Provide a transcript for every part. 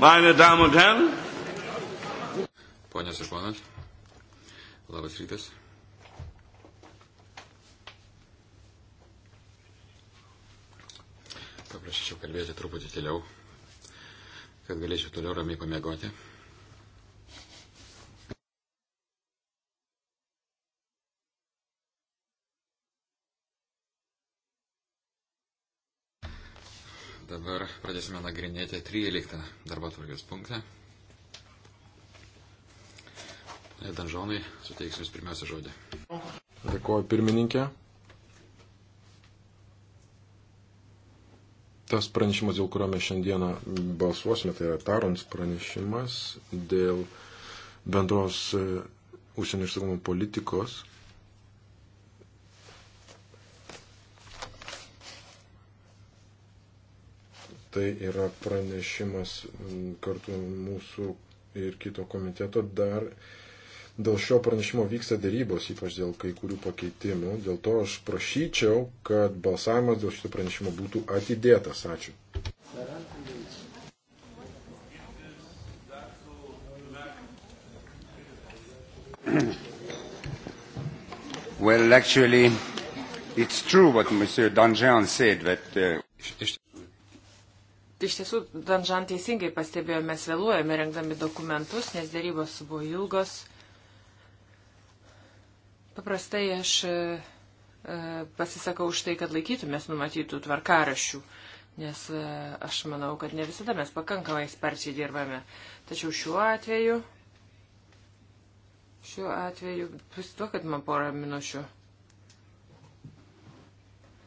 Meine Damen und Herren. Ponios ir ponas, labas rytas. Paprašyčiau kalbėti truputį tėliau, kad galėčiau toliau ramiai pamiegoti. pradėsime nagrinėti 13 darbo tvarkės punktą. E, Danžonai, suteiksiu Jums pirmiausia žodį. Dėkuoju pirmininkė. Tas pranešimas, dėl kurio mes šiandieną balsuosime, tai yra Tarons pranešimas dėl bendros e, užsienio išsaugumo politikos tai yra pranešimas mm, kartu mūsų ir kito komiteto. Dar dėl šio pranešimo vyksta dėrybos, ypač dėl kai kurių pakeitimų. Dėl to aš prašyčiau, kad balsavimas dėl šito pranešimo būtų atidėtas. Ačiū. Well, actually, it's true what Monsieur Danjean said that. Uh... Iš, iš iš tiesų, Danžan teisingai pastebėjo, mes vėluojame rengdami dokumentus, nes dėrybos buvo ilgos. Paprastai aš e, e, pasisakau už tai, kad laikytumės numatytų tvarkarašių, nes e, aš manau, kad ne visada mes pakankamai sparčiai dirbame. Tačiau šiuo atveju, šiuo atveju, pasituokit man porą minučių.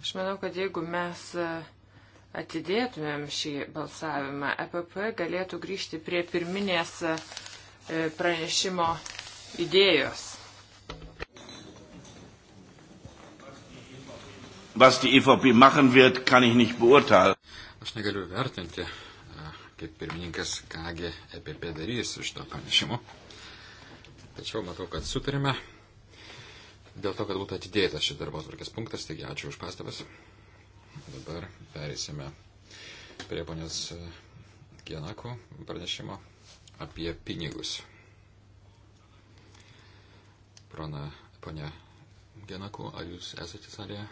Aš manau, kad jeigu mes. E, atidėtumėm šį balsavimą, EPP galėtų grįžti prie pirminės e, pranešimo idėjos. Was die EVP machen wird, kann ich nicht beurteilen. Aš negaliu vertinti, e, kaip pirmininkas, kągi EPP darys iš to pranešimo. Tačiau matau, kad sutarime dėl to, kad būtų atidėtas šis darbos varkės punktas, taigi ačiū už pastabas. Dabar perėsime prie ponios e, Kienako pranešimo apie pinigus. Prona, ponia Genako, ar jūs esate salėje?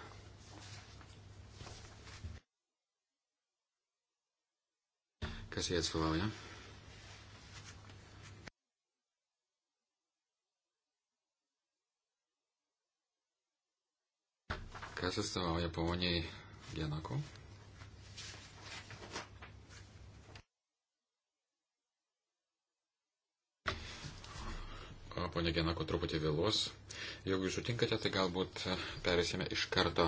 Kas jie atstovauja? Kas atstovauja poniai Janaku. Pone Genako truputį vėluos. Jeigu jūs sutinkate, tai galbūt e, perėsime iš karto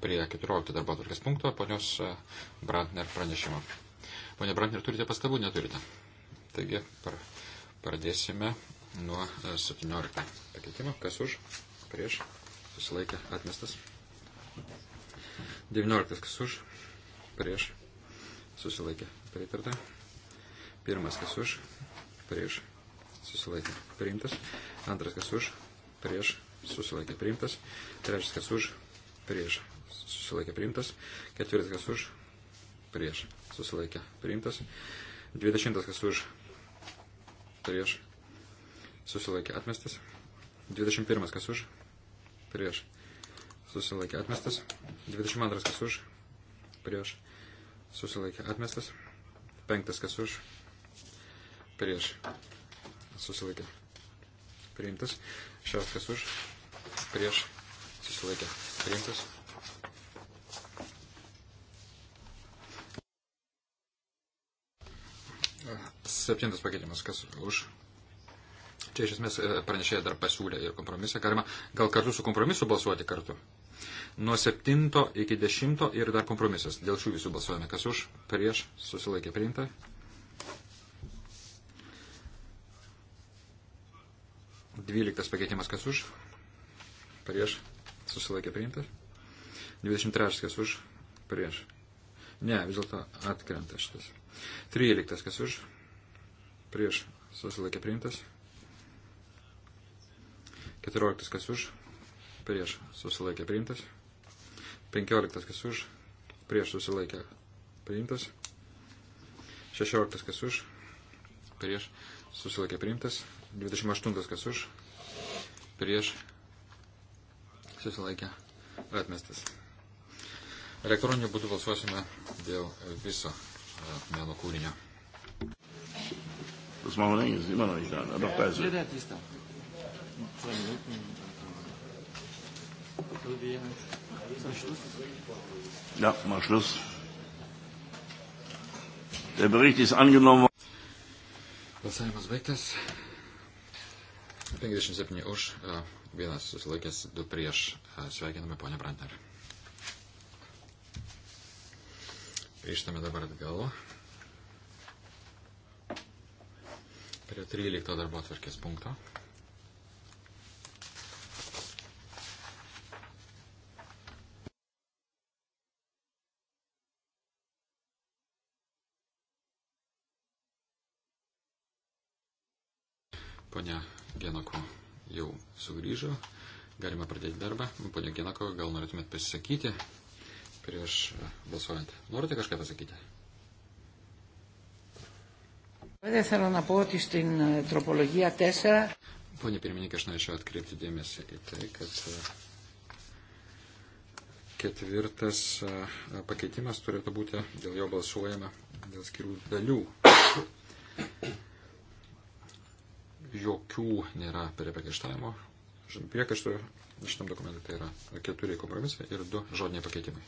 prie 14 darbo atvarkės punkto, ponios e, Brantner pranešimo. Pone Brantner, turite pastabų, neturite? Taigi, pradėsime nuo 17 e, pakeitimo. Kas už? Prieš? Susilaikė atmestas. 19 kas už, prieš, susilaikė, pritarta. Pirmas kas už, prieš, susilaikė, priimtas. Antras kas už, prieš, susilaikė, priimtas. Trečias kas už, prieš, susilaikė, priimtas. Ketvirtas kas už, prieš, susilaikė, priimtas. Dvidešimtas kas už, prieš, susilaikė, atmestas. Dvidešimt pirmas kas už, prieš, susilaikė atmestas. 22 kas už, prieš, susilaikė atmestas. 5 kas už, prieš, susilaikė priimtas. 6 kas už, prieš, susilaikė priimtas. Septintas pakeitimas, kas už. Čia iš esmės e, pranešėja dar pasiūlė ir kompromisą. Galima gal kartu su kompromisu balsuoti kartu nuo 7 iki 10 ir dar kompromisas. Dėl šių visų balsuojame. Kas už, prieš, susilaikė priimta. Dvyliktas pakeitimas kas už, prieš, susilaikė priimta. 23 kas už, prieš. Ne, vis dėlto atkrenta šitas. 13 kas už, prieš, susilaikė priimtas. 14 kas už, prieš susilaikė priimtas. 15 kas už, prieš susilaikę priimtas. 16 kas už, prieš susilaikė priimtas. 28 kas už, prieš susilaikė atmestas. Elektroniniu būdu balsuosime dėl viso e, meno kūrinio. Das machen wir nicht, ist immer noch nicht da. Doch, da ist er. Zwei Minuten. Ist das Schluss? Ja, mal Schluss. Der Bericht ist angenommen. Balsavimas baigtas. 57 už, e, vienas susilaikęs, du prieš. E, sveikiname ponę Brantner. Grįžtame dabar atgal prie 13 darbo atvarkės punkto. grįžo. Galima pradėti darbą. Pane Genako, gal norėtumėt pasisakyti prieš e, balsuojant. Norite kažką pasakyti? Eh, Pone pirmininkė, aš norėčiau atkreipti dėmesį į tai, kad e, ketvirtas e, pakeitimas turėtų būti dėl jo balsuojama dėl skirių dalių. Jokių nėra prie priekaištavimo priekaištų šitam dokumentui tai yra keturi kompromisai ir du žodiniai pakeitimai.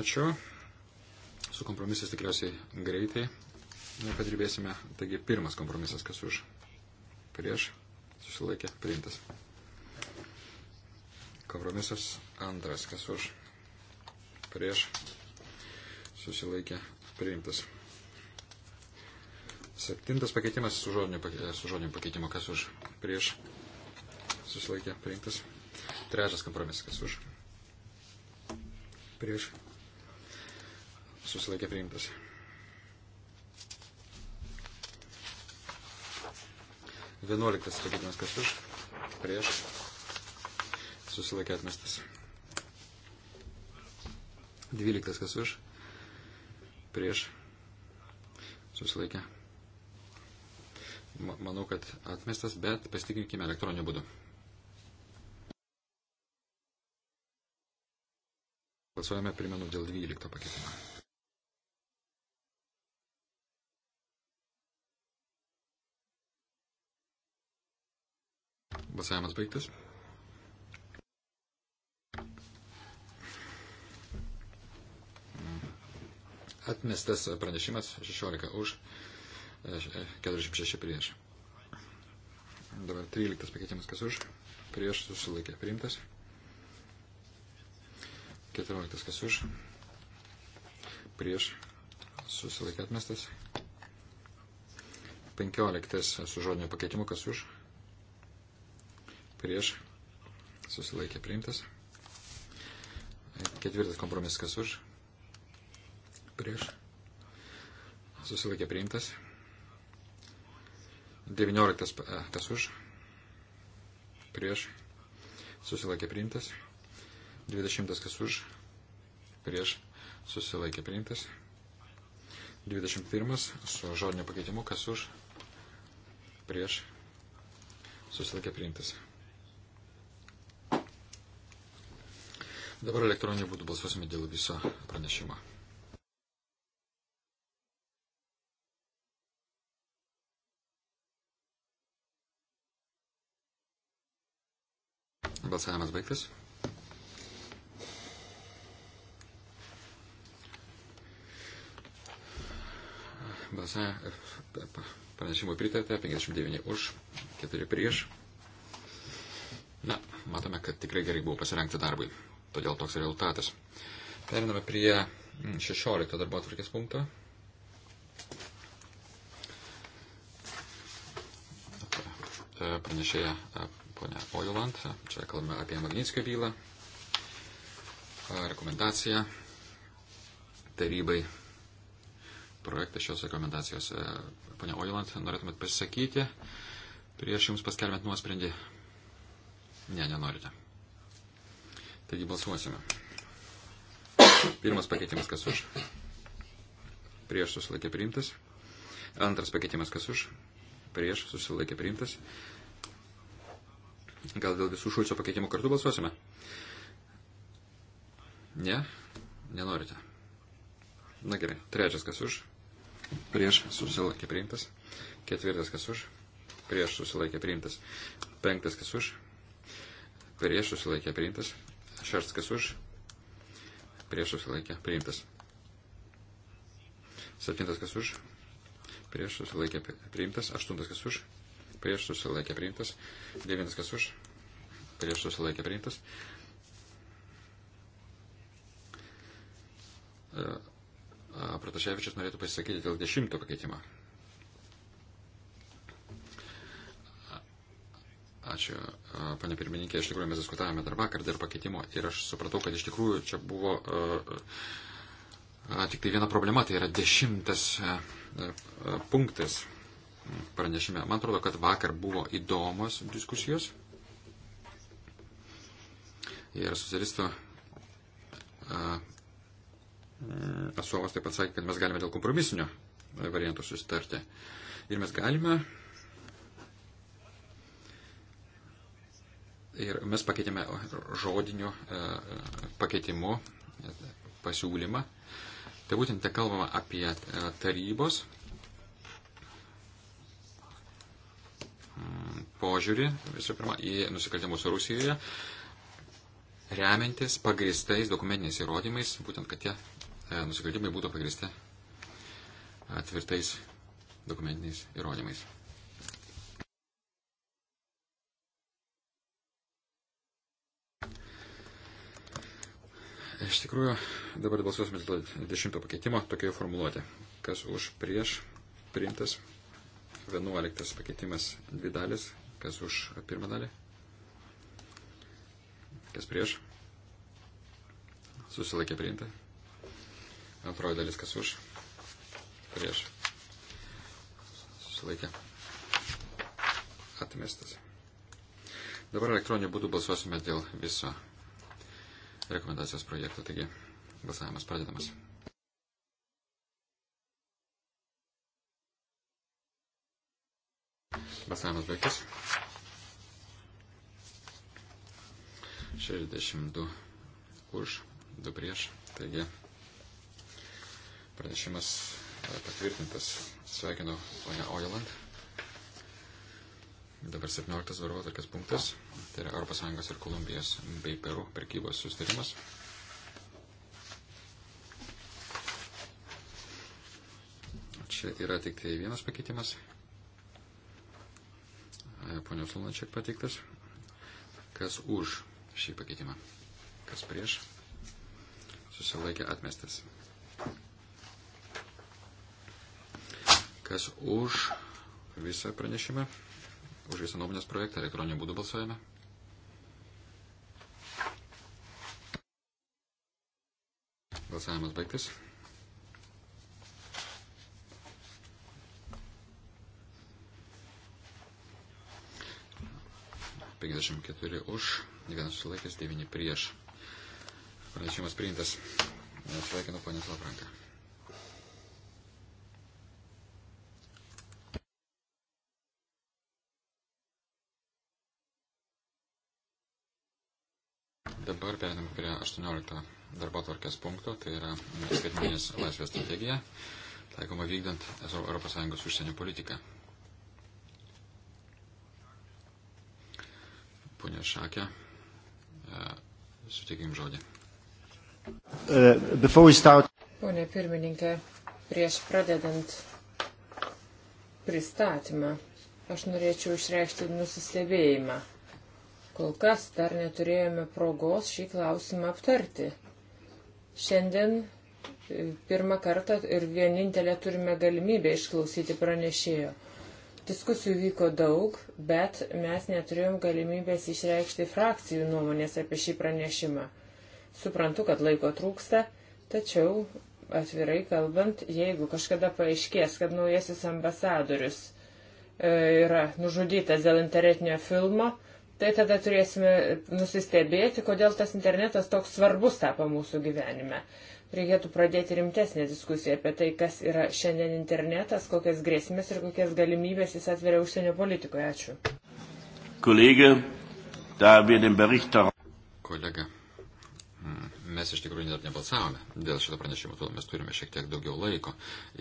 Ačiū. Su kompromisais tikriausiai greitai padirbėsime. Taigi pirmas kompromisas, kas už prieš susilaikė priimtas. Kompromisas antras, kas už prieš susilaikė priimtas. Septintas pakeitimas su žodiniu, e, su žodiniu pakeitimu, kas už, prieš, susilaikė, priimtas. Trečias kompromisas, kas už, prieš, susilaikė, priimtas. Vienuoliktas pakeitimas, kas už, prieš, susilaikė atmestas. Dvyliktas, kas už, prieš, susilaikė manau, kad atmestas, bet pasitikrinkime elektroniniu būdu. Balsuojame, primenu, dėl 12 pakeitimo. Balsavimas baigtas. Atmestas pranešimas 16 už 46 prieš. Dabar 13 pakeitimas kas už, prieš susilaikė priimtas. 14 kas už, prieš susilaikė atmestas. 15 su žodiniu pakeitimu kas už, prieš susilaikė priimtas. Ketvirtas kompromisas kas už, prieš susilaikė priimtas. 19 e, kas už, prieš, susilaikė priimtas. 20 kas už, prieš, susilaikė priimtas. 21 su žodiniu pakeitimu kas už, prieš, susilaikė priimtas. Dabar elektroniniu būdu balsuosime dėl viso pranešimo. Balsavimas baigtas. Pranešimui pritarta 59 už, 4 prieš. Na, matome, kad tikrai gerai buvo pasirengti darbui. Todėl toks rezultatas. Periname prie 16 darbo atvarkės punkto. Pranešėja ponia Ojoland. Čia kalbame apie Magnitskio bylą. Rekomendacija tarybai. Projektas šios rekomendacijos. Ponia Ojoland, norėtumėt pasisakyti prieš jums paskelbėt nuosprendį? Ne, nenorite. Taigi balsuosime. Pirmas pakeitimas kas už. Prieš susilaikė priimtas. Antras pakeitimas kas už. Prieš susilaikė priimtas. Gal dėl visų šulčio pakeitimų kartu balsuosime? Ne? Nenorite. Na gerai. Trečias kas už. Prieš susilaikė priimtas. Ketvirtas kas už. Prieš susilaikė priimtas. Penktas kas už. Prieš susilaikė priimtas. Šeštas kas už. Prieš susilaikė priimtas. Septintas kas už. Prieš susilaikė priimtas. Aštuntas kas už prieš susilaikė priimtas, 9 kas už, prieš susilaikė priimtas. E, Prataševičius norėtų pasisakyti dėl dešimto pakeitimo. Ačiū, panė pirmininkė, iš tikrųjų mes diskutavome dar vakar dėl pakeitimo ir aš supratau, kad iš tikrųjų čia buvo uh, uh, tik tai viena problema, tai yra dešimtas uh, punktas pranešime. Man atrodo, kad vakar buvo įdomios diskusijos. Ir socialisto atstovas taip pat sakė, kad mes galime dėl kompromisinio varianto susitarti. Ir mes galime. Ir mes pakeitėme žodiniu pakeitimu pasiūlymą. Tai būtent te kalbama apie tarybos požiūrį, visų pirma, į nusikaltimus Rusijoje, remiantis pagristais dokumentiniais įrodymais, būtent, kad tie e, nusikaltimai būtų pagristi e, tvirtais dokumentiniais įrodymais. Iš tikrųjų, dabar balsuosime dėl dešimto pakeitimo, tokioje formuluotė. Kas už prieš priimtas 11 pakeitimas dvi dalis, kas už pirmą dalį, kas prieš, susilaikė priimta. Antroji dalis, kas už, prieš, susilaikė atmestas. Dabar elektroniniu būdu balsuosime dėl viso rekomendacijos projekto, taigi balsavimas pradedamas. Mm. Balsavimas baigtas. 62 už, 2 prieš. Taigi pranešimas patvirtintas. Sveikinu ponę Oiland. Dabar 17 varvotarkas punktas. Tai yra ES ir Kolumbijos bei Peru prekybos sustarimas. Čia yra tik tai vienas pakeitimas, ponios Lunačiak pateiktas. Kas už šį pakeitimą? Kas prieš? Susilaikė atmestas. Kas už visą pranešimą? Už visą nuomonės projektą elektroniniu būdu balsuojame. Balsavimas baigtas. 54 už, vienas sulaikęs, 9 prieš. Pranešimas priimtas. Sveikinu ponės Lapranką. Dabar perinam prie 18 darbo tvarkės punkto, tai yra skaitminės laisvės strategija, taikoma vykdant ES užsienio politiką. Pone Šakė, e, sutikim žodį. E, Pone pirmininkė, prieš pradedant pristatymą, aš norėčiau išreikšti nusistebėjimą. Kol kas dar neturėjome progos šį klausimą aptarti. Šiandien e, pirmą kartą ir vienintelę turime galimybę išklausyti pranešėjo. Diskusijų vyko daug, bet mes neturėjom galimybės išreikšti frakcijų nuomonės apie šį pranešimą. Suprantu, kad laiko trūksta, tačiau, atvirai kalbant, jeigu kažkada paaiškės, kad naujasis ambasadorius e, yra nužudytas dėl internetinio filmo, tai tada turėsime nusistebėti, kodėl tas internetas toks svarbus tapo mūsų gyvenime reikėtų pradėti rimtesnę diskusiją apie tai, kas yra šiandien internetas, kokias grėsmės ir kokias galimybės jis atveria užsienio politikoje. Ačiū. Kolegė, berichtą... Kolega, mes iš tikrųjų dar nebalsavome dėl šito pranešimo, todėl mes turime šiek tiek daugiau laiko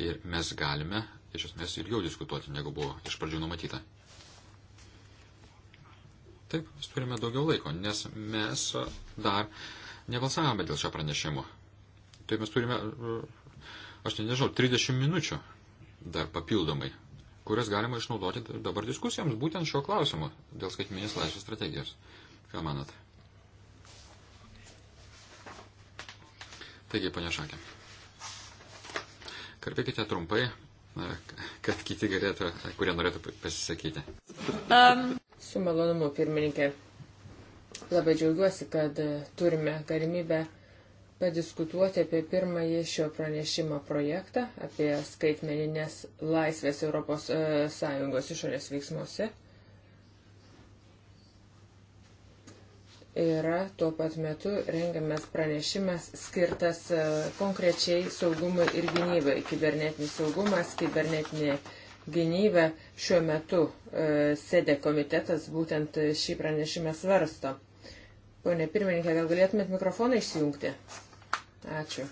ir mes galime iš esmės ilgiau diskutuoti, negu buvo iš pradžių numatyta. Taip, mes turime daugiau laiko, nes mes dar nebalsavome dėl šio pranešimo. Tai mes turime, e, aš nežinau, 30 minučių dar papildomai, kurias galima išnaudoti dabar diskusijoms būtent šio klausimu dėl skaitminės laisvės strategijos. Ką manat? Taigi, ponia Šakė, kalbėkite trumpai, e, kad kiti galėtų, kurie norėtų pasisakyti. Um. Su malonumu, pirmininkė. Labai džiaugiuosi, kad e, turime galimybę padiskutuoti apie pirmąjį šio pranešimo projektą, apie skaitmeninės laisvės Europos e, Sąjungos išorės veiksmuose. Yra tuo pat metu rengiamas pranešimas skirtas e, konkrečiai saugumui ir gynybai. Kibernetinis saugumas, kibernetinė gynyba šiuo metu e, sėdė komitetas būtent šį pranešimą svarsto. Pone pirmininkė, gal galėtumėt mikrofoną išsijungti? Ačiū.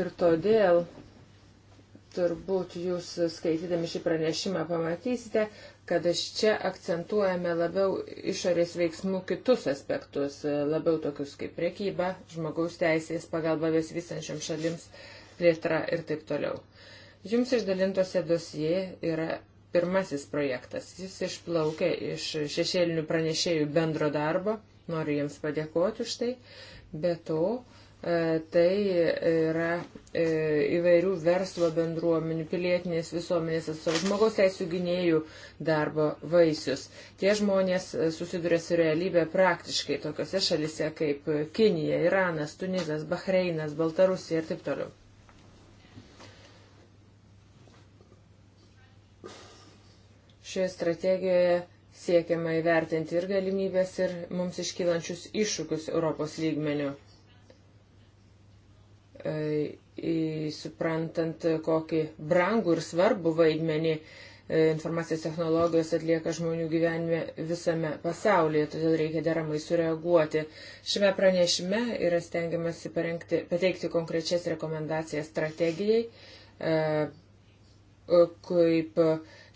Ir todėl turbūt jūs skaitydami šį pranešimą pamatysite, kad iš čia akcentuojame labiau išorės veiksmų kitus aspektus, labiau tokius kaip priekyba, žmogaus teisės, pagalba vis visančiam šalims, plėtra ir taip toliau. Jums išdalintose dosijai yra pirmasis projektas. Jis išplaukia iš šešėlinių pranešėjų bendro darbo Noriu jiems padėkoti už tai. Be to, e, tai yra e, įvairių verslo bendruomenių, pilietinės visuomenės atstovų, žmogaus teisų gynėjų darbo vaisius. Tie žmonės e, susiduria su realybė praktiškai tokiuose šalise kaip Kinija, Iranas, Tunizas, Bahreinas, Baltarusija ir taip toliau. Šioje strategijoje Siekiama įvertinti ir galimybės, ir mums iškylančius iššūkius Europos lygmeniu. E, suprantant, kokį brangų ir svarbų vaidmenį e, informacijos technologijos atlieka žmonių gyvenime visame pasaulyje, todėl reikia deramai sureaguoti. Šiame pranešime yra stengiamasi parengti, pateikti konkrečias rekomendacijas strategijai, e, kaip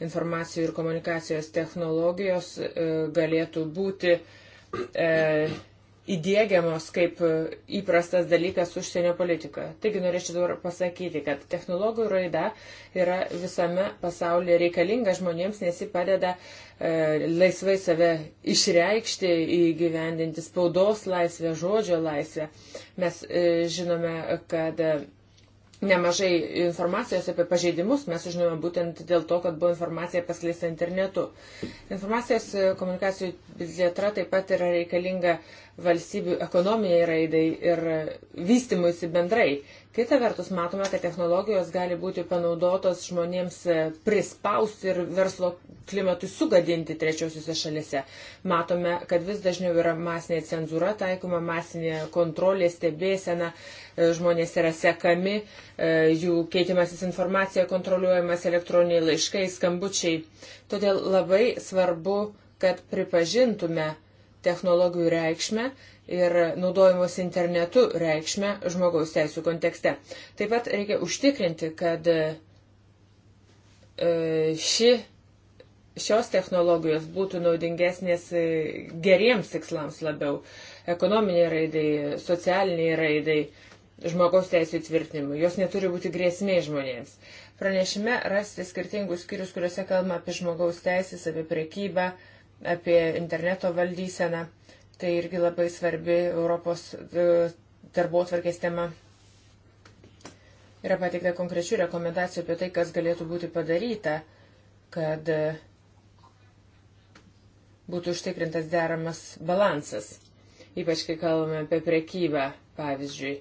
informacijų ir komunikacijos technologijos e, galėtų būti e, įdėgiamos kaip e, įprastas dalykas užsienio politikoje. Taigi norėčiau dabar pasakyti, kad technologijų raida yra visame pasaulyje reikalinga žmonėms, nes ji padeda e, laisvai save išreikšti, įgyvendinti spaudos laisvę, žodžio laisvę. Mes e, žinome, kad e, nemažai informacijos apie pažeidimus mes sužinojome būtent dėl to, kad buvo informacija paskleista internetu. Informacijos e, komunikacijų plėtra taip pat yra reikalinga valstybių ekonominiai raidai ir e, vystimuisi bendrai. Kita vertus, matome, kad technologijos gali būti panaudotos žmonėms e, prispausti ir verslo klimatui sugadinti trečiosiuose šalise. Matome, kad vis dažniau yra masinė cenzūra taikoma, masinė kontrolė, stebėsena, e, žmonės yra sekami, e, jų keitimasis informacija kontroliuojamas elektroniniai laiškai, skambučiai. Todėl labai svarbu, kad pripažintume, technologijų reikšmę ir naudojimos internetu reikšmę žmogaus teisų kontekste. Taip pat reikia užtikrinti, kad e, ši, šios technologijos būtų naudingesnės e, geriems tikslams labiau - ekonominiai raidai, socialiniai raidai, žmogaus teisų įtvirtinimui. Jos neturi būti grėsmė žmonėms. Pranešime rasti skirtingus skyrius, kuriuose kalbama apie žmogaus teisės, apie prekybą, uh, apie interneto valdyseną. Tai irgi labai svarbi Europos e, darbo atvarkės tema. Yra pateikta konkrečių rekomendacijų apie tai, kas galėtų būti padaryta, kad e, būtų užtikrintas deramas balansas. Ypač kai kalbame apie prekybą, pavyzdžiui,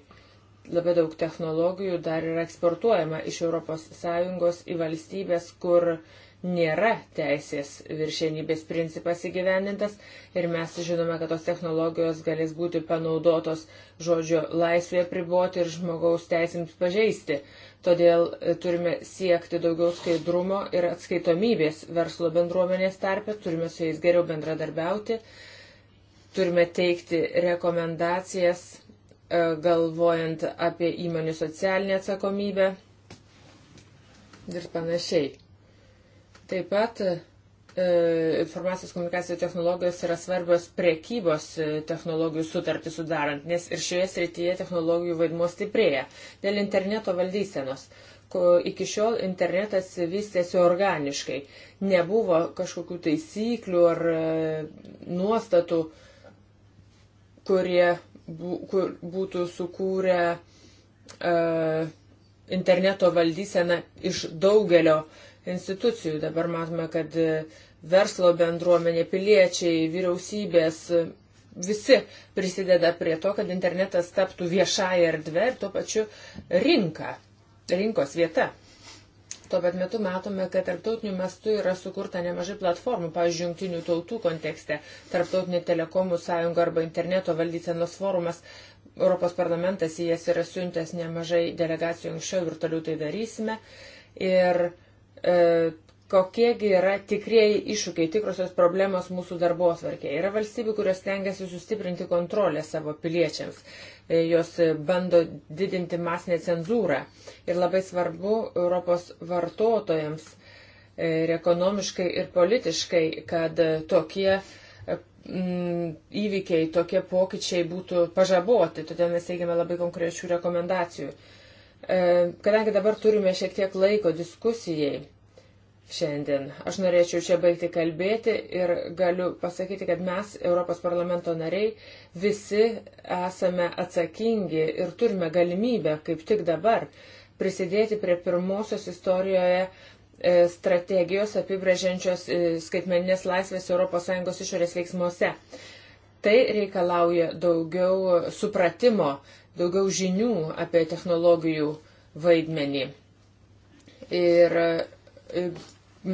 labai daug technologijų dar yra eksportuojama iš ES į valstybės, kur nėra teisės viršienybės principas įgyvendintas ir mes žinome, kad tos technologijos galės būti panaudotos žodžio laisvėje priboti ir žmogaus teisėms pažeisti. Todėl e, turime siekti daugiau skaidrumo ir atskaitomybės verslo bendruomenės tarpe, turime su jais geriau bendradarbiauti, turime teikti rekomendacijas e, galvojant apie įmonių socialinę atsakomybę ir panašiai. Taip pat e, informacijos komunikacijų technologijos yra svarbios priekybos e, technologijų sutartį sudarant, nes ir šioje srityje technologijų vaidmuo stiprėja. Dėl interneto valdysenos. Iki šiol internetas vystėsi organiškai. Nebuvo kažkokių taisyklių ar e, nuostatų, kurie kur būtų sukūrę interneto valdyseną iš daugelio uh, institucijų. Dabar matome, kad e, verslo bendruomenė, piliečiai, vyriausybės, e, visi prisideda prie to, kad internetas taptų viešąją erdvę ir tuo pačiu rinka, rinkos vieta. Tuo pat metu matome, kad tarptautiniu mastu yra sukurta nemažai platformų, pavyzdžiui, jungtinių tautų kontekste, tarptautinė telekomų sąjunga arba interneto valdysenos forumas, Europos parlamentas į jas yra siuntęs nemažai delegacijų anksčiau ir toliau tai darysime. Ir uh, E, kokiegi yra tikrieji iššūkiai, tikrosios problemos mūsų darbos varkė. Yra valstybių, kurios tengiasi sustiprinti kontrolę savo piliečiams, e, jos bando didinti masinę cenzūrą. Ir labai svarbu Europos vartotojams e, ir ekonomiškai, ir politiškai, kad tokie įvykiai, tokie pokyčiai būtų pažaboti. Todėl mes teigiame labai konkrečių rekomendacijų. E, kadangi dabar turime šiek tiek laiko diskusijai šiandien, aš norėčiau čia baigti kalbėti ir galiu pasakyti, kad mes, Europos parlamento nariai, visi esame atsakingi ir turime galimybę, kaip tik dabar, prisidėti prie pirmosios istorijoje e, strategijos apibrėžiančios e, skaitmeninės laisvės ES išorės veiksmuose. Tai reikalauja daugiau supratimo daugiau žinių apie technologijų vaidmenį. Ir e,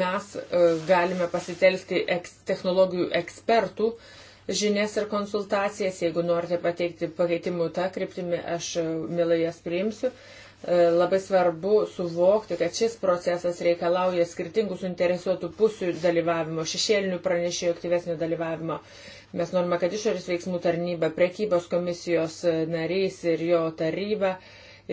mes e, galime pasitelkti technologijų ekspertų žinias ir konsultacijas. Jeigu norite pateikti pakeitimų tą kryptimį, aš e, mielai jas priimsiu. Labai svarbu suvokti, kad šis procesas reikalauja skirtingų suinteresuotų pusių dalyvavimo, šešėlinių pranešėjų aktyvesnio dalyvavimo. Mes norime, kad išorės veiksmų tarnyba, prekybos komisijos e, narys ir jo taryba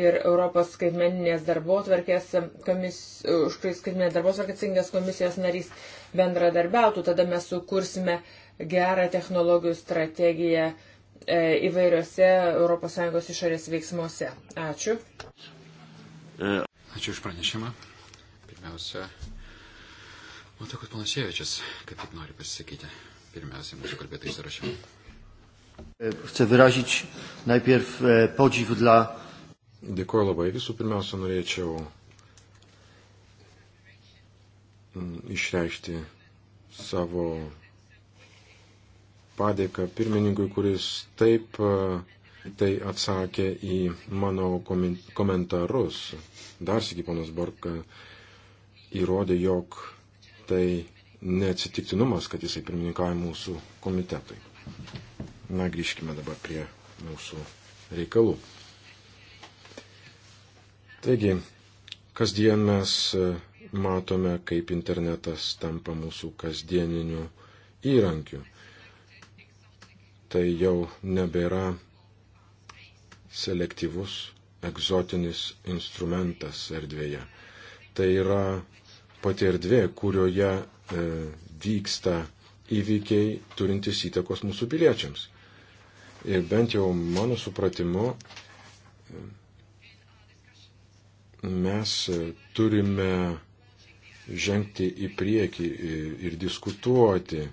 ir Europos skaitmeninės darbotvarkės, komis, už skaitmeninės darbotvarkės atsakingas komisijos narys bendradarbiautų, tada mes sukursime gerą technologijų strategiją e, įvairiose ES išorės veiksmuose. Ačiū. E. Ačiū už pranešimą. Pirmiausia, matau, kad Panaševičius kaip tik nori pasisakyti pirmiausia mūsų kalbėtai sąrašė. Chcę wyrazić najpierw e, podziw dla. Dėkuoju labai. Visų pirmiausia, norėčiau mm, išreikšti savo padėką pirmininkui, kuris taip e, tai atsakė į mano komentarus. Dar sėki, ponas Borka įrodė, jog tai neatsitiktinumas, kad jisai pirmininkauja mūsų komitetui. Na, grįžkime dabar prie mūsų reikalų. Taigi, kasdien mes e, matome, kaip internetas tampa mūsų kasdieniniu įrankiu. Tai jau nebėra selektyvus, egzotinis instrumentas erdvėje. Tai yra pati erdvė, kurioje E, vyksta įvykiai turintys įtakos mūsų piliečiams. Ir bent jau mano supratimu, e, mes turime žengti į priekį ir diskutuoti.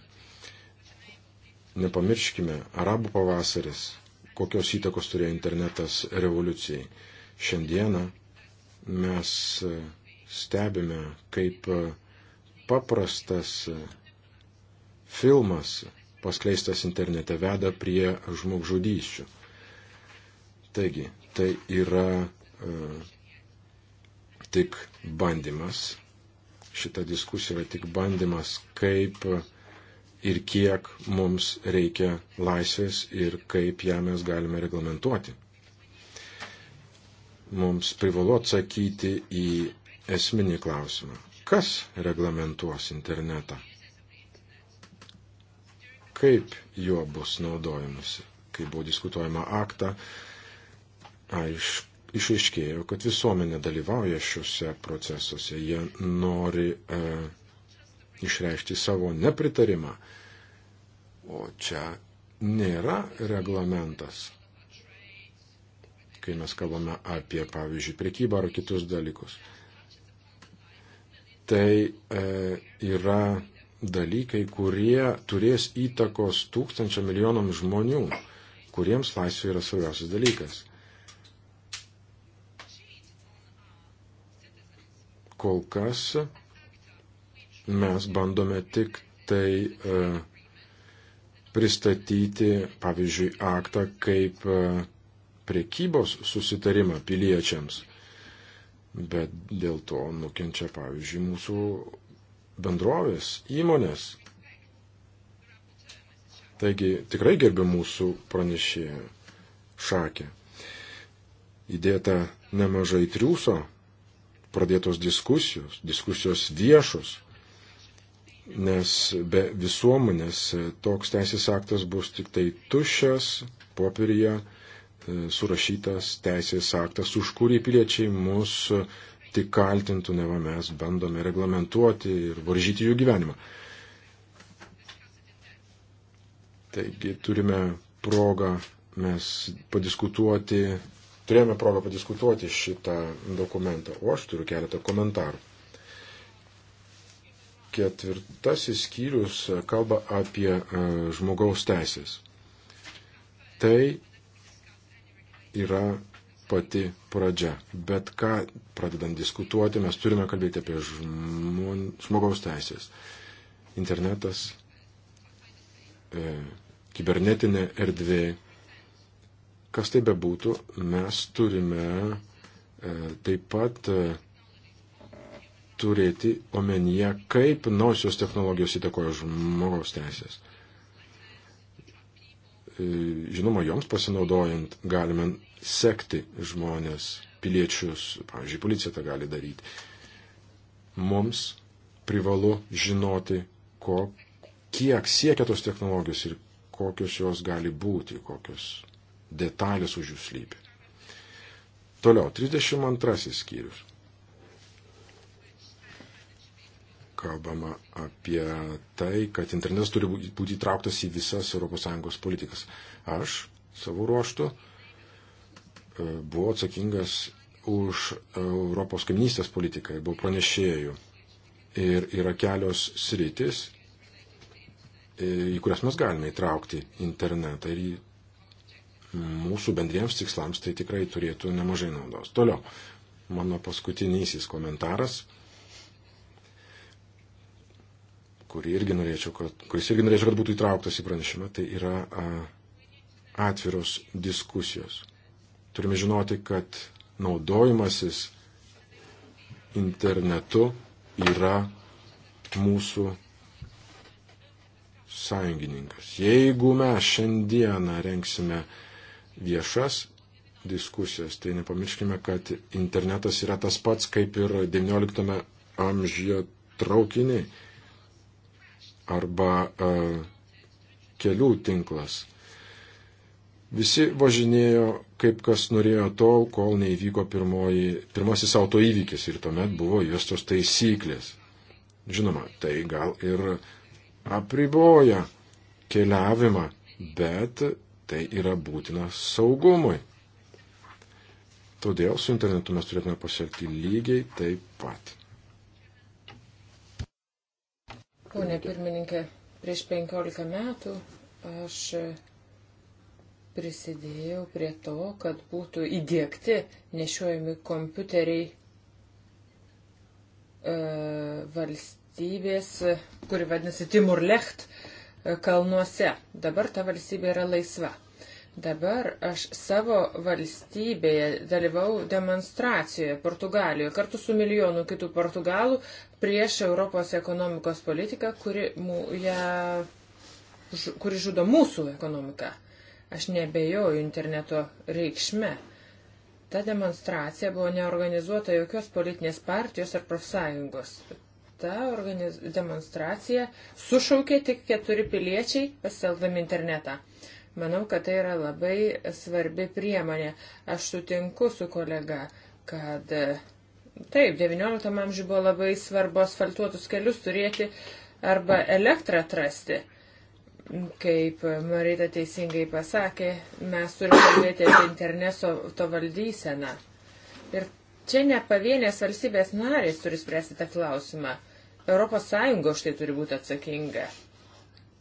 Nepamirškime, arabų pavasaris, kokios įtakos turėjo internetas revoliucijai. Šiandieną mes e, stebime, kaip paprastas filmas paskleistas internete veda prie žmogžudysčių. Taigi, tai yra e, tik bandymas, šita diskusija yra tik bandymas, kaip ir kiek mums reikia laisvės ir kaip ją mes galime reglamentuoti. Mums privalu atsakyti į esminį klausimą. Kas reglamentuos internetą? Kaip juo bus naudojimusi? Kai buvo diskutuojama aktą, aišku, išaiškėjo, kad visuomenė dalyvauja šiuose procesuose, jie nori e, išreikšti savo nepritarimą. O čia nėra reglamentas, kai mes kalbame apie, pavyzdžiui, prekybą ar kitus dalykus tai e, yra dalykai, kurie turės įtakos tūkstančio milijonam žmonių, kuriems laisvė yra svarbiausias dalykas. Kol kas mes bandome tik tai e, pristatyti, pavyzdžiui, aktą kaip e, priekybos susitarimą piliečiams bet dėl to nukenčia, pavyzdžiui, mūsų bendrovės, įmonės. Taigi tikrai gerbė mūsų pranešėją šakę. Įdėta nemažai triūso, pradėtos diskusijos, diskusijos viešos, nes be visuomenės toks teisės aktas bus tik tai tuščias, popieryje E, surašytas teisės aktas, už kurį piliečiai mus e, tik kaltintų, neva mes bandome reglamentuoti ir varžyti jų gyvenimą. Taigi turime progą mes padiskutuoti, turėjome progą padiskutuoti šitą dokumentą, o aš turiu keletą komentarų. Ketvirtasis skyrius kalba apie e, žmogaus teisės. Tai yra pati pradžia. Bet ką pradedant diskutuoti, mes turime kalbėti apie žmon, žmogaus teisės. Internetas, e, kibernetinė erdvė, kas tai bebūtų, mes turime e, taip pat e, turėti omenyje, kaip naujos technologijos įtakoja žmogaus teisės. E, žinoma, joms pasinaudojant galime sekti žmonės, piliečius, pavyzdžiui, policija tą gali daryti. Mums privalu žinoti, ko, kiek siekia tos technologijos ir kokios jos gali būti, kokios detalės už jų slypi. Toliau, 32 skyrius. kalbama apie tai, kad internetas turi būti įtrauktas į visas ES politikas. Aš savo ruoštų e, buvau atsakingas už Europos kaiminystės politiką ir buvau pranešėjų. Ir yra kelios sritis, e, į kurias mes galime įtraukti internetą ir į mūsų bendriems tikslams tai tikrai turėtų nemažai naudos. Toliau, mano paskutinysis komentaras kurį irgi norėčiau, kad, kuris irgi norėčiau, kad būtų įtrauktas į pranešimą, tai yra a, atviros diskusijos. Turime žinoti, kad naudojimasis internetu yra mūsų sąjungininkas. Jeigu mes šiandieną renksime viešas diskusijas, tai nepamirškime, kad internetas yra tas pats kaip ir XIX amžyje traukiniai arba a, e, kelių tinklas. Visi važinėjo kaip kas norėjo tol, kol neįvyko pirmoji, pirmasis autoįvykis ir tuomet buvo juostos taisyklės. Žinoma, tai gal ir apriboja keliavimą, bet tai yra būtina saugumui. Todėl su internetu mes turėtume pasielgti lygiai taip pat. Pone pirmininkė, prieš 15 metų aš prisidėjau prie to, kad būtų įdėkti nešiojami kompiuteriai e, valstybės, kuri vadinasi Timur Lecht, e, kalnuose. Dabar ta valstybė yra laisva. Dabar aš savo valstybėje dalyvau demonstracijoje Portugalijoje kartu su milijonu kitų portugalų prieš Europos ekonomikos politiką, kuri, mū, ja, ž, kuri žudo mūsų ekonomiką. Aš nebejoju interneto reikšme. Ta demonstracija buvo neorganizuota jokios politinės partijos ar profsąjungos. Ta organiz... demonstracija sušaukė tik keturi piliečiai pasitelkdami internetą. Manau, kad tai yra labai svarbi priemonė. Aš sutinku su kolega, kad e, taip, XIX amžiuje buvo labai svarbu asfaltuotus kelius turėti arba elektrą atrasti. Kaip Marita teisingai pasakė, mes turime kalbėti apie interneto to valdyseną. Ir čia ne pavienės valstybės narės turi spręsti tą klausimą. Europos Sąjunga už tai turi būti atsakinga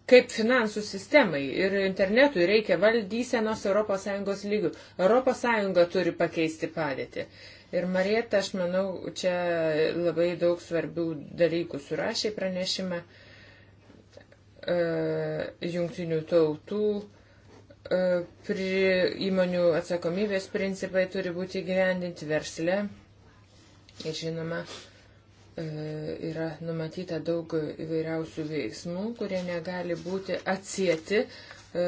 kaip finansų sistemai ir internetui reikia valdysenos ES lygių. ES turi pakeisti padėtį. Ir Marieta, aš manau, čia labai daug svarbių dalykų surašė pranešimą e, jungtinių tautų. E, Pri įmonių atsakomybės principai turi būti gyvendinti versle. Ir žinoma, e, E, yra numatyta daug įvairiausių veiksmų, kurie negali būti atsieti e,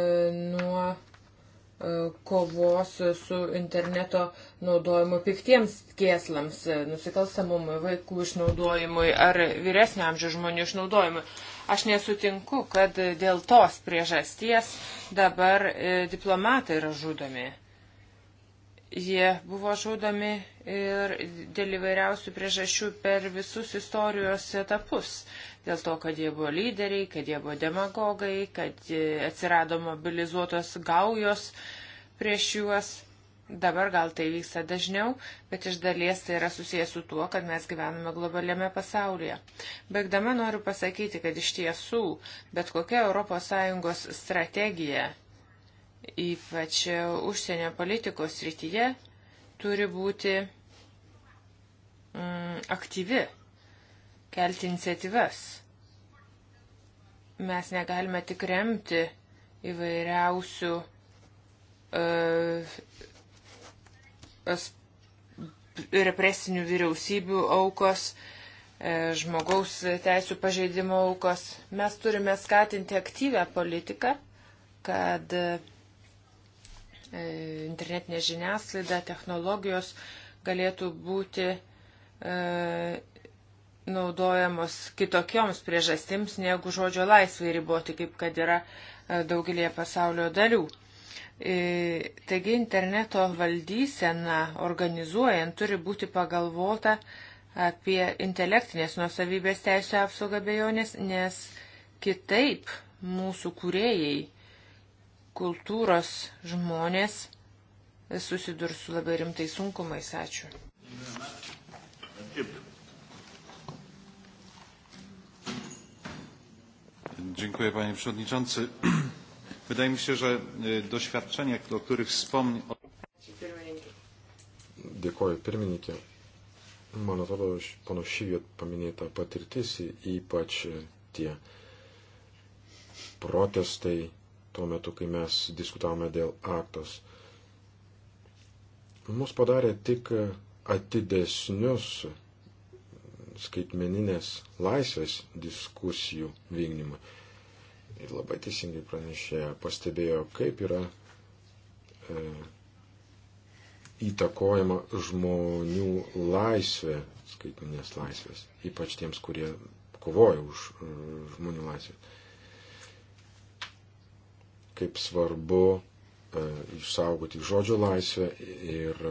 nuo e, kovos su interneto naudojimu piktiems kieslams, nusikalstamumui, vaikų išnaudojimui ar vyresnio amžiaus žmonių išnaudojimui. Aš nesutinku, kad dėl tos priežasties dabar diplomatai yra žudomi. Jie buvo žudomi ir dėl įvairiausių priežasčių per visus istorijos etapus. Dėl to, kad jie buvo lyderiai, kad jie buvo demagogai, kad e, atsirado mobilizuotos gaujos prieš juos. Dabar gal tai vyksta dažniau, bet iš dalies tai yra susijęs su tuo, kad mes gyvename globaliame pasaulyje. Baigdama noriu pasakyti, kad iš tiesų bet kokia ES strategija ypač užsienio politikos rytyje, turi būti mm, aktyvi, kelti iniciatyvas. Mes negalime tik remti įvairiausių uh, represinių vyriausybių aukos, e, žmogaus teisų pažeidimo aukos. Mes turime skatinti aktyvę politiką, kad uh, E, internetinė žiniasklaida, technologijos galėtų būti e, naudojamos kitokioms priežastims negu žodžio laisvai riboti, kaip kad yra e, daugelėje pasaulio dalių. E, taigi interneto valdysena organizuojant turi būti pagalvota apie intelektinės nuosavybės teisų apsaugą bejonės, nes kitaip mūsų kūrėjai kultūros žmonės susidurs su labai rimtai sunkumais. Ačiū. Dziękuję panie przewodniczący. Wydaje mi się, że e, doświadczenia, o których wspomniał. Dėkoju pirmininkė. Man atrodo, panašiai paminėta patirtis, ypač e, tie protestai tuo metu, kai mes diskutavome dėl aktos. Mus padarė tik atidesnius skaitmeninės laisvės diskusijų vykdymui. Ir labai teisingai pranešė, pastebėjo, kaip yra e, įtakojama žmonių laisvė, skaitminės laisvės, ypač tiems, kurie kovoja už e, žmonių laisvę kaip svarbu e, išsaugoti žodžio laisvę ir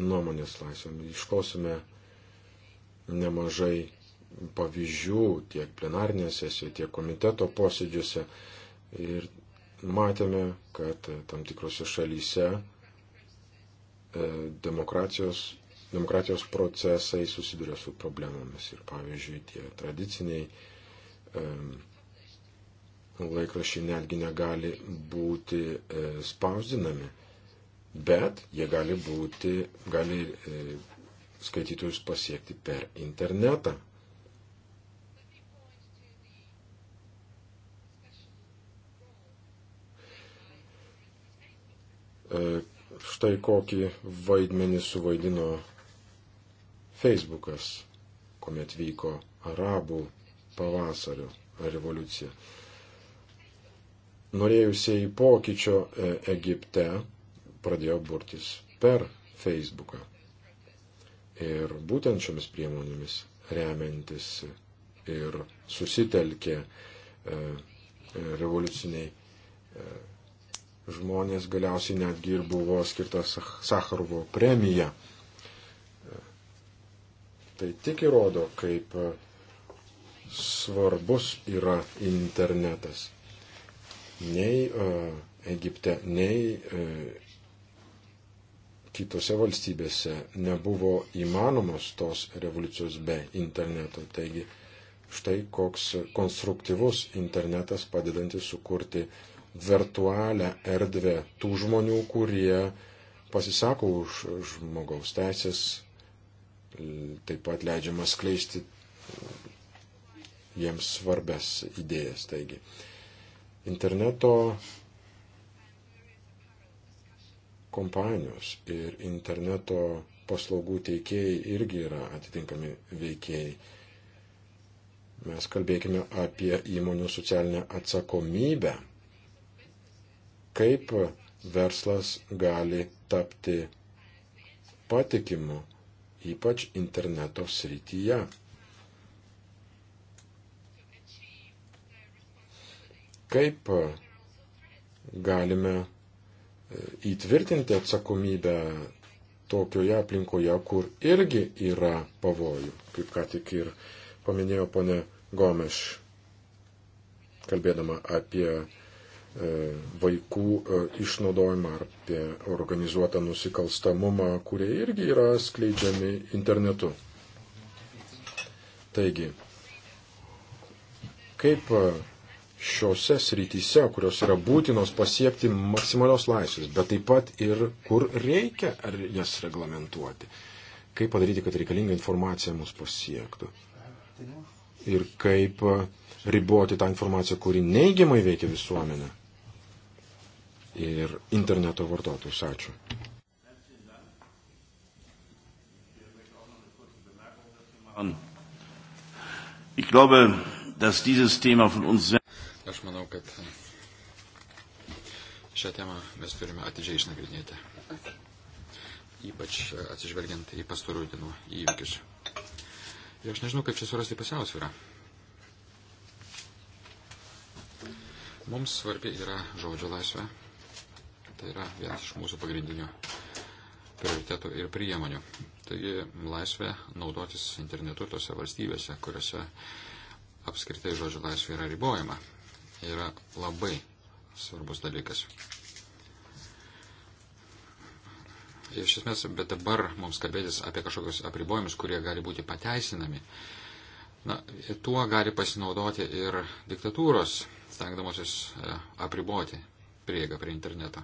nuomonės laisvę. Iškosime nemažai pavyzdžių tiek plenarnėje sesijoje, tiek komiteto posėdžiuose ir matėme, kad tam tikrose šalyse e, demokratijos, demokratijos procesai susiduria su problemomis ir pavyzdžiui tie tradiciniai laikrašiai netgi negali būti e, spausdinami, bet jie gali būti, gali e, skaitytojus pasiekti per internetą. E, štai kokį vaidmenį suvaidino Facebookas, kuomet vyko arabų pavasario revoliucija norėjusiai pokyčio e, Egipte pradėjo burtis per Facebooką. Ir būtent šiomis priemonėmis remiantis ir susitelkė e, revoliuciniai e, žmonės, galiausiai netgi ir buvo skirta Sakarovo premija. Tai tik įrodo, kaip svarbus yra internetas nei e, Egipte, nei e, kitose valstybėse nebuvo įmanomos tos revoliucijos be interneto. Taigi štai koks konstruktyvus internetas padedantis sukurti virtualią erdvę tų žmonių, kurie pasisako už žmogaus teisės, taip pat leidžiama skleisti jiems svarbes idėjas. Taigi, interneto kompanijos ir interneto paslaugų teikėjai irgi yra atitinkami veikėjai. Mes kalbėkime apie įmonių socialinę atsakomybę, kaip verslas gali tapti patikimu, ypač interneto srityje. Kaip e, galime e, įtvirtinti atsakomybę tokioje aplinkoje, kur irgi yra pavojų, kaip ką tik ir paminėjo ponė Gomeš, kalbėdama apie e, vaikų išnaudojimą ar apie organizuotą nusikalstamumą, kurie irgi yra skleidžiami internetu. Taigi, kaip šiose srityse, kurios yra būtinos pasiekti maksimalios laisvės, bet taip pat ir kur reikia jas reglamentuoti. Kaip padaryti, kad reikalinga informacija mus pasiektų. Ir kaip e, riboti tą informaciją, kuri neigiamai veikia visuomenę. Ir interneto vartotojus. Ačiū. Ich glaube, dass dieses Thema von uns Aš manau, kad e, šią temą mes turime atidžiai išnagrinėti. Ypač e, atsižvelgiant į pastarųjų dienų įvykius. Ir aš nežinau, kaip čia surasti pusiausvyrą. Mums svarbi yra žodžio laisvė. Tai yra vienas iš mūsų pagrindinių prioritetų ir priemonių. Taigi laisvė naudotis internetu tose valstybėse, kuriuose apskritai žodžio laisvė yra ribojama yra labai svarbus dalykas. Ir iš esmės, bet dabar mums kalbėtis apie kažkokius apribojimus, kurie gali būti pateisinami, na, tuo gali pasinaudoti ir diktatūros, stengdamosios e, apriboti prieigą prie interneto.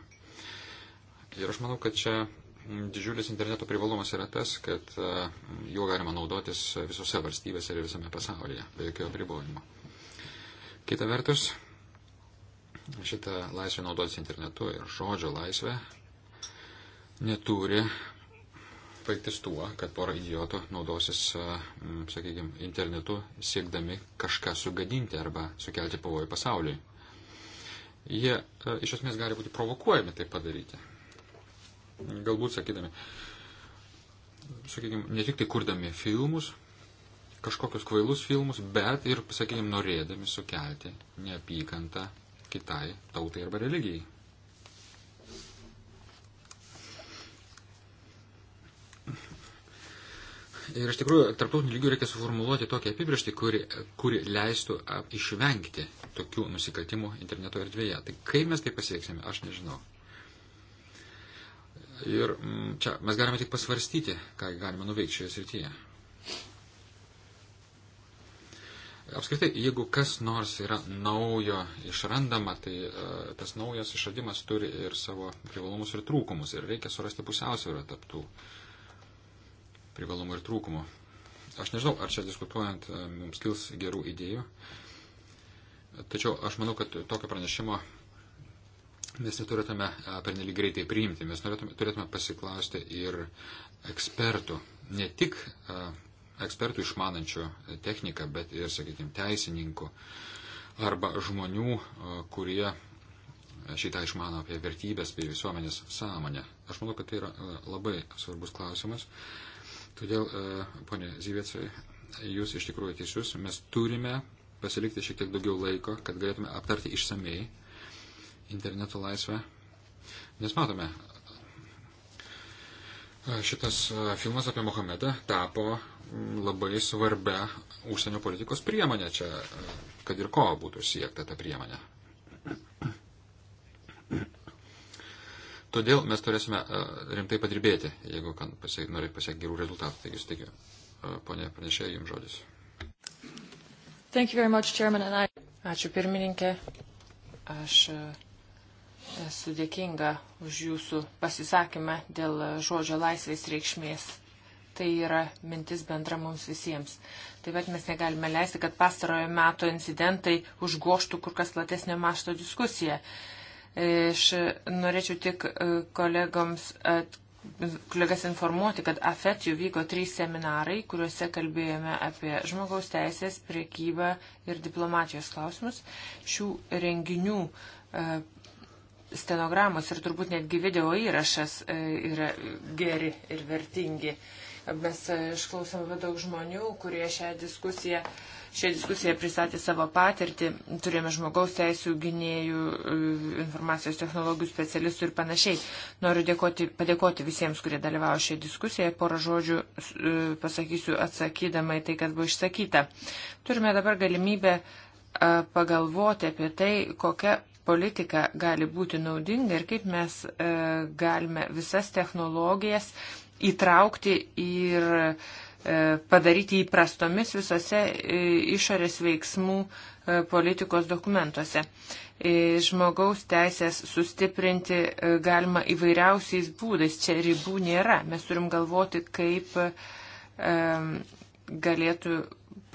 Ir aš manau, kad čia didžiulis interneto privalumas yra tas, kad e, juo galima naudotis visose valstybėse ir visame pasaulyje, be jokio apribojimo. Kita vertus, šitą laisvę naudotis internetu ir žodžio laisvę neturi baigtis tuo, kad pora idiotų naudosis, e, sakykime, internetu siekdami kažką sugadinti arba sukelti pavojų pasauliui. Jie e, iš esmės gali būti provokuojami tai padaryti. Galbūt sakydami, sakykime, ne tik tai kurdami filmus, kažkokius kvailus filmus, bet ir, sakykime, norėdami sukelti neapykantą kitai tautai arba religijai. Ir iš tikrųjų, tarptautiniu lygiu reikia suformuoluoti tokią apibriežtį, kuri, kuri leistų išvengti tokių nusikaltimų interneto erdvėje. Tai kaip mes tai pasieksime, aš nežinau. Ir mm, čia mes galime tik pasvarstyti, ką galime nuveikti šioje srityje. Apskritai, jeigu kas nors yra naujo išrandama, tai e, tas naujas išradimas turi ir savo privalumus ir trūkumus. Ir reikia surasti pusiausvyrą taptų privalumų ir trūkumų. Aš nežinau, ar čia diskutuojant e, mums kils gerų idėjų. Tačiau aš manau, kad tokio pranešimo mes neturėtume e, pernelyg greitai priimti. Mes norėtume, turėtume pasiklausti ir ekspertų. Ne tik ekspertų išmanančių e, techniką, bet ir, sakykime, teisininkų arba žmonių, e, kurie e, šitą išmano apie vertybės bei visuomenės sąmonę. Aš manau, kad tai yra labai svarbus klausimas. Todėl, ponė Zyvėcai, jūs iš tikrųjų teisus, mes turime pasilikti šiek tiek daugiau laiko, kad galėtume aptarti išsamei interneto laisvę. Nes matome, šitas filmas apie Mohamedą tapo labai svarbia užsienio politikos priemonė čia, kad ir ko būtų siekta ta priemonė. Todėl mes turėsime rimtai padirbėti, jeigu pasiek, norit pasiekti gerų rezultatų. Taigi, sutikiu, ponė pranešėja, jums žodis. Much, Chairman, I... Ačiū pirmininkė. Aš uh, Esu dėkinga už jūsų pasisakymą dėl žodžio laisvės reikšmės. Tai yra mintis bendra mums visiems. Taip pat mes negalime leisti, kad pastarojo meto incidentai užgoštų kur kas platesnio mašto diskusiją. Aš norėčiau tik e, kolegoms at, kolegas informuoti, kad AFET jau vyko trys seminarai, kuriuose kalbėjome apie žmogaus teisės, priekybą ir diplomatijos klausimus. Šių renginių e, stenogramos ir turbūt netgi video įrašas e, yra geri ir vertingi. Mes e, išklausom labai daug žmonių, kurie šią diskusiją, šią diskusiją pristatė savo patirtį. Turėjome žmogaus teisų gynėjų, e, informacijos technologijų specialistų ir panašiai. Noriu dėkoti, padėkoti visiems, kurie dalyvavo šioje diskusijoje. Porą žodžių pasakysiu atsakydama į tai, kas buvo išsakyta. Turime dabar galimybę pagalvoti apie tai, kokia politika gali būti naudinga ir kaip mes e, galime visas technologijas įtraukti ir e, padaryti įprastomis visose e, išorės veiksmų politikos dokumentuose. Žmogaus teisės sustiprinti galima įvairiausiais būdais, čia ribų nėra. Mes turim galvoti, kaip galėtų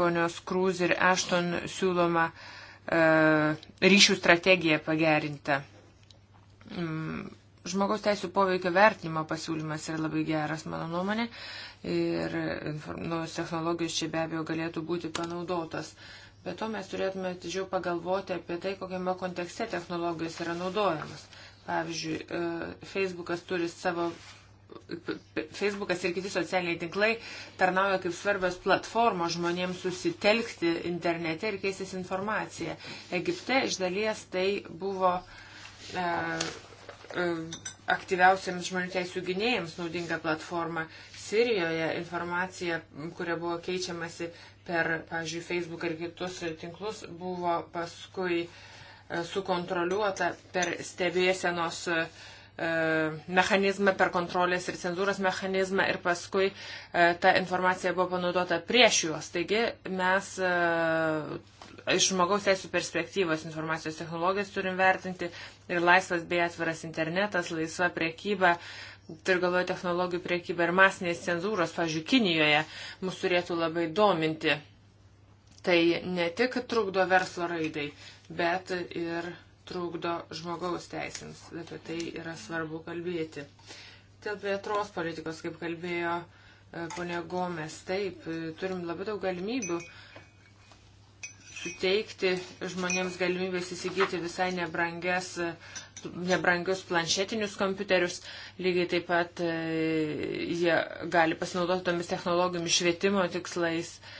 ponios Krūz ir Ešton siūloma uh, E, ryšių strategija pagerinta. Mm, žmogaus teisų poveikio vertinimo pasiūlymas yra labai geras, mano nuomonė, ir naujos technologijos čia be abejo galėtų būti panaudotos. Bet to mes turėtume atidžiau pagalvoti apie tai, kokiame kontekste technologijos yra naudojamas. Pavyzdžiui, e, Facebookas turi savo Facebookas ir kiti socialiniai tinklai tarnauja kaip svarbios platformos žmonėms susitelkti internete ir keistis informaciją. Egipte iš dalies tai buvo e, e, aktyviausiams žmonių teisų gynėjams naudinga platforma. Sirijoje informacija, kuria buvo keičiamasi per, pavyzdžiui, Facebook ir kitus tinklus, buvo paskui e, sukontroliuota per stebėsenos. E, E, mechanizmą, per kontrolės ir cenzūros mechanizmą ir paskui e, ta informacija buvo panaudota prieš juos. Taigi mes e, iš žmogaus teisų perspektyvos informacijos technologijas turim vertinti ir laisvas bei atviras internetas, laisva priekyba, turiu galvoje technologijų priekyba ir masinės cenzūros, pavyzdžiui, Kinijoje mus turėtų labai dominti. Tai ne tik trukdo verslo raidai, bet ir trukdo žmogaus teisėms. Apie tai yra svarbu kalbėti. Dėl plėtros politikos, kaip kalbėjo e, ponė Gomes, taip, e, turim labai daug galimybių suteikti žmonėms galimybės įsigyti visai nebrangias e, nebrangius planšetinius kompiuterius, lygiai taip pat jie gali pasinaudoti tomis technologijomis švietimo tikslais. E,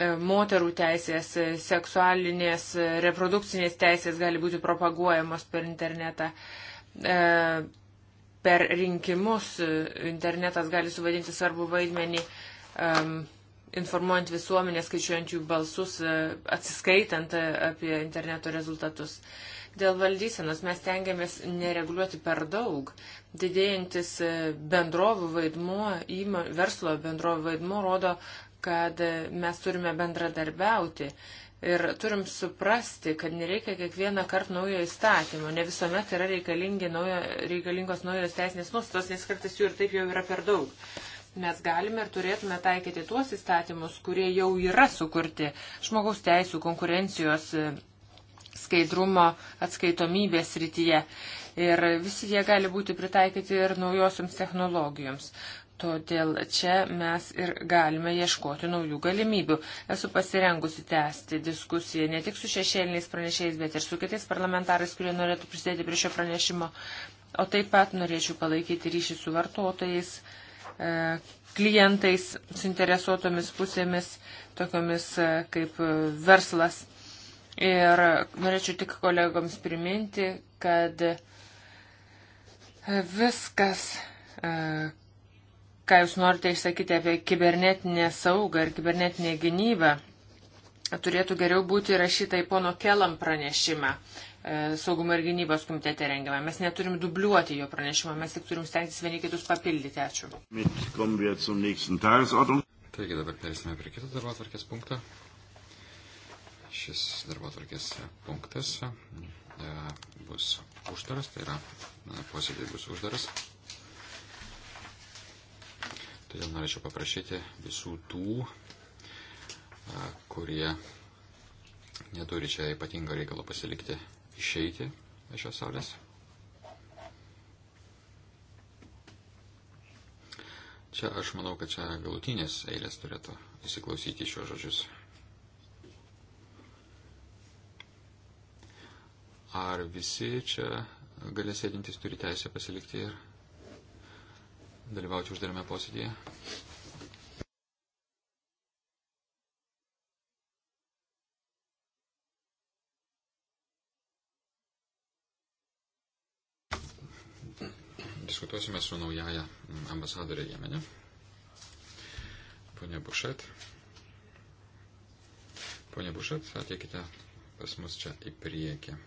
E, moterų teisės, e, seksualinės, e, reprodukcinės teisės gali būti propaguojamos per internetą. Per rinkimus internetas gali suvadinti svarbu vaidmenį informuojant visuomenę, skaičiuojant jų balsus, atsiskaitant apie interneto rezultatus. Dėl valdysenos mes tengiamės nereguliuoti per daug. Didėjantis bendrovų vaidmuo, įmo, verslo bendrovų vaidmuo rodo, kad mes turime bendradarbiauti ir turim suprasti, kad nereikia kiekvieną kartą naujo įstatymo, ne visuomet yra naujo, reikalingos naujos teisinės nuostatos, nes kartais jų ir taip jau yra per daug. Mes galime ir turėtume taikyti tuos įstatymus, kurie jau yra sukurti žmogaus teisų, konkurencijos, e, skaidrumo, atskaitomybės rytyje. Ir visi jie gali būti pritaikyti ir naujosioms technologijoms. Todėl čia mes ir galime ieškoti naujų galimybių. Esu pasirengusi tęsti diskusiją ne tik su šešėliniais pranešėjais, bet ir su kitais parlamentarais, kurie norėtų prisidėti prie šio pranešimo. O taip pat norėčiau palaikyti ryšį su vartotojais, e, klientais, suinteresuotomis pusėmis, tokiomis e, kaip verslas. Ir norėčiau tik kolegoms priminti, kad viskas e, ką Jūs norite išsakyti apie kibernetinę saugą ir kibernetinę gynybą, turėtų geriau būti rašyta į pono Kelam pranešimą e, saugumo ir gynybos komitete rengiamą. Mes neturim dubliuoti jo pranešimą, mes tik turim stengtis vieni kitus papildyti. Ačiū. Taigi dabar perėsime prie kito darbo atvarkės punkto. Šis darbo atvarkės punktas e, bus uždaras, tai yra posėdė bus uždaras. Todėl norėčiau paprašyti visų tų, kurie neturi čia ypatingo reikalo pasilikti, išeiti iš šios salės. Čia aš manau, kad čia galutinės eilės turėtų įsiklausyti šios žodžius. Ar visi čia galės sėdintys turi teisę pasilikti ir dalyvauti uždarame posėdėje. Diskutuosime su naujaja ambasadorė Jemene, ponė Bušet. Pone Bušet, ateikite pas mus čia į priekį.